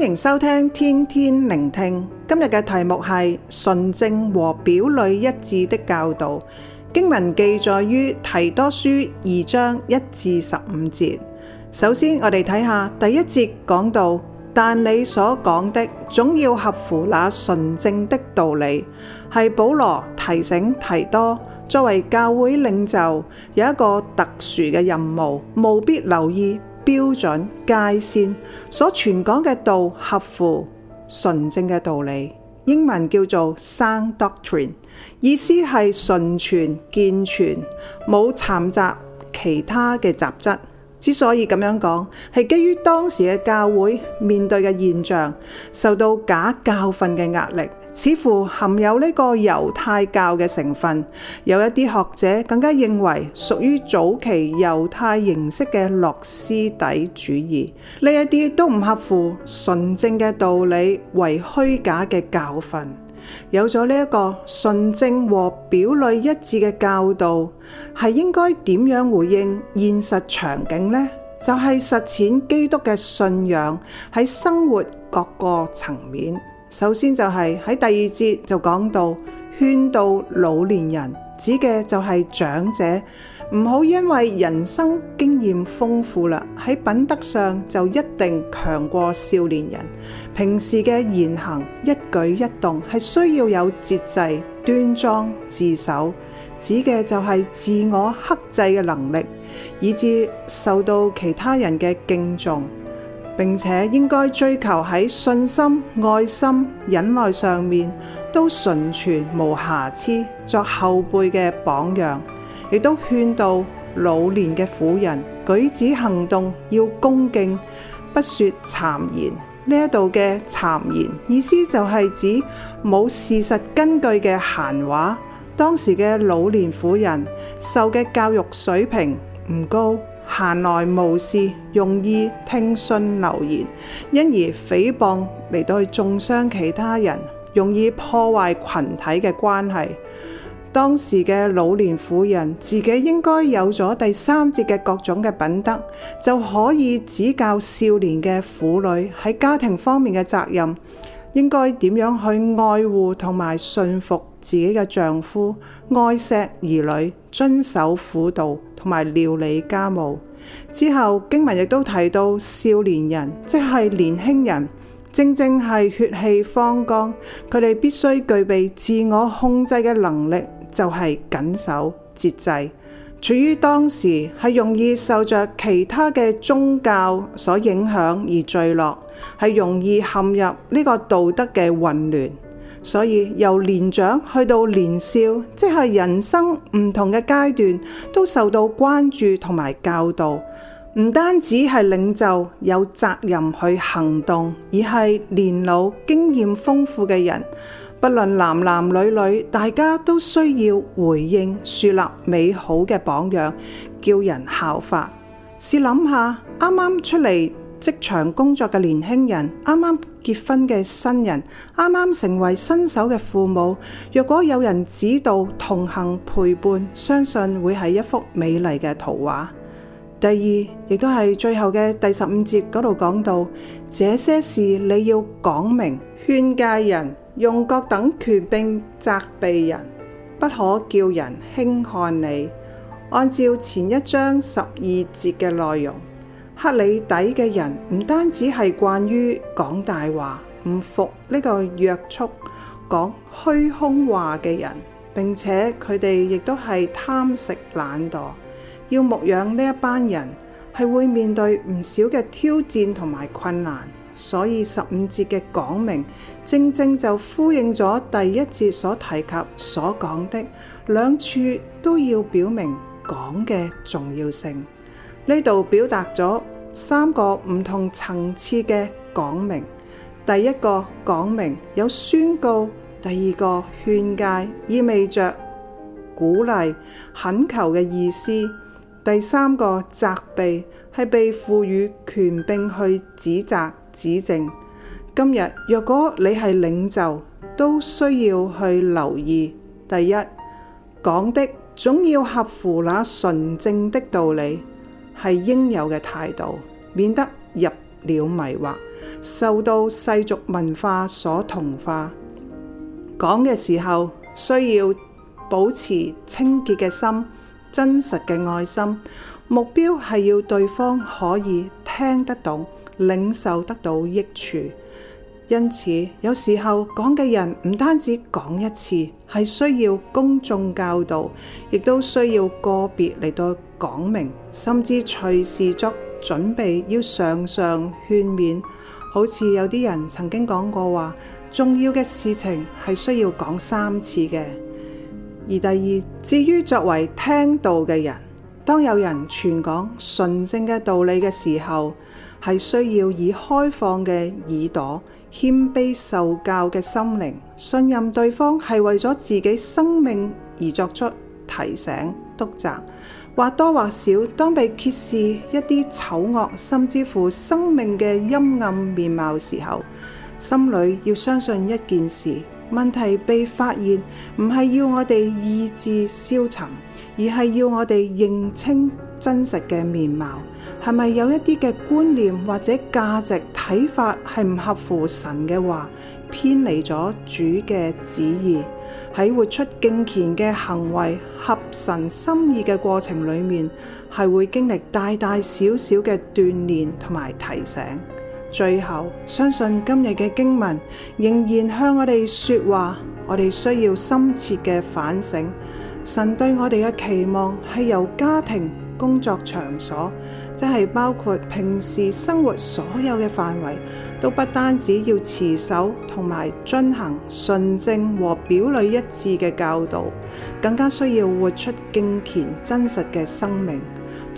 歡迎收聽天天靈聽，今日嘅題目係純正和表裡一致的教導，經文記載於提多書二章一至十五節。首先，我哋睇下第一節講到，但你所講的總要合乎那純正的道理，係保羅提醒提多，作為教會領袖，有一個特殊嘅任務，務必留意。標準界線，所傳講嘅道合乎純正嘅道理，英文叫做 Sound Doctrine，意思係純全健全，冇摻雜其他嘅雜質。之所以咁樣講，係基於當時嘅教會面對嘅現象，受到假教訓嘅壓力，似乎含有呢個猶太教嘅成分，有一啲學者更加認為屬於早期猶太形式嘅諾斯底主義，呢一啲都唔合乎純正嘅道理，為虛假嘅教訓。有咗呢一個純正和表裡一致嘅教導，係應該點樣回應現實場景呢？就係、是、實踐基督嘅信仰喺生活各個層面。首先就係、是、喺第二節就講到勸導老年人，指嘅就係長者。唔好因為人生經驗豐富啦，喺品德上就一定強過少年人。平時嘅言行一舉一動係需要有節制、端莊自守，指嘅就係自我克制嘅能力，以致受到其他人嘅敬重，並且應該追求喺信心、愛心、忍耐上面都純全無瑕疵，作後輩嘅榜樣。亦都勸導老年嘅婦人舉止行動要恭敬，不說讒言。呢一度嘅讒言意思就係指冇事實根據嘅閒話。當時嘅老年婦人受嘅教育水平唔高，閒來無事容易聽信流言，因而誹謗嚟到去中傷其他人，容易破壞群體嘅關係。當時嘅老年婦人自己應該有咗第三節嘅各種嘅品德，就可以指教少年嘅婦女喺家庭方面嘅責任，應該點樣去愛護同埋順服自己嘅丈夫，疼愛兒女，遵守婦道同埋料理家務。之後經文亦都提到少年人，即係年輕人，正正係血氣方剛，佢哋必須具備自我控制嘅能力。就係謹守節制，處於當時係容易受着其他嘅宗教所影響而墜落，係容易陷入呢個道德嘅混亂。所以由年長去到年少，即係人生唔同嘅階段，都受到關注同埋教導。唔單止係領袖有責任去行動，而係年老經驗豐富嘅人。不論男男女女，大家都需要回應，樹立美好嘅榜樣，叫人效法。試諗下，啱啱出嚟職場工作嘅年輕人，啱啱結婚嘅新人，啱啱成為新手嘅父母，若果有人指導、同行、陪伴，相信會係一幅美麗嘅圖畫。第二，亦都係最後嘅第十五節嗰度講到，這些事你要講明，勸誡人。用各等權柄責備人，不可叫人輕看你。按照前一章十二節嘅內容，克哩底嘅人唔單止係慣於講大話、唔服呢個約束、講虛空話嘅人，並且佢哋亦都係貪食懶惰。要牧養呢一班人，係會面對唔少嘅挑戰同埋困難。所以十五節嘅講明，正正就呼應咗第一節所提及所講的兩處，都要表明講嘅重要性。呢度表達咗三個唔同層次嘅講明：第一個講明有宣告，第二個勸誡，意味着鼓勵懇求嘅意思；第三個責備係被賦予權柄去指責。指正，今日若果你係領袖，都需要去留意。第一，講的總要合乎那純正的道理，係應有嘅態度，免得入了迷惑，受到世俗文化所同化。講嘅時候，需要保持清潔嘅心、真實嘅愛心，目標係要對方可以聽得懂。領受得到益處，因此有時候講嘅人唔單止講一次，係需要公眾教導，亦都需要個別嚟到講明，甚至隨時作準備要常常勸勉。好似有啲人曾經講過話，重要嘅事情係需要講三次嘅。而第二，至於作為聽道嘅人，當有人傳講純正嘅道理嘅時候，係需要以開放嘅耳朵、謙卑受教嘅心靈、信任對方，係為咗自己生命而作出提醒、督責。或多或少，當被揭示一啲醜惡，甚至乎生命嘅陰暗面貌時候，心裏要相信一件事：問題被發現，唔係要我哋意志消沉，而係要我哋認清。真實嘅面貌，係咪有一啲嘅觀念或者價值睇法係唔合乎神嘅話，偏離咗主嘅旨意，喺活出敬虔嘅行為，合神心意嘅過程裏面，係會經歷大大小小嘅鍛煉同埋提醒。最後，相信今日嘅經文仍然向我哋說話，我哋需要深切嘅反省。神對我哋嘅期望係由家庭、工作場所，即係包括平時生活所有嘅範圍。都不單止要持守同埋遵行純正和表裡一致嘅教導，更加需要活出敬虔真實嘅生命。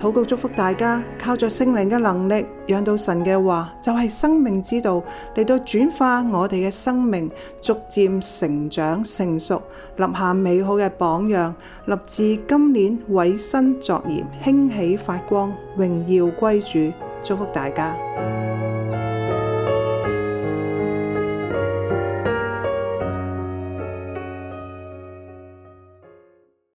禱告祝福大家，靠着聖靈嘅能力，讓到神嘅話就係、是、生命之道嚟到轉化我哋嘅生命，逐漸成長成熟，立下美好嘅榜樣，立志今年委身作鹽，興起發光，榮耀歸主。祝福大家。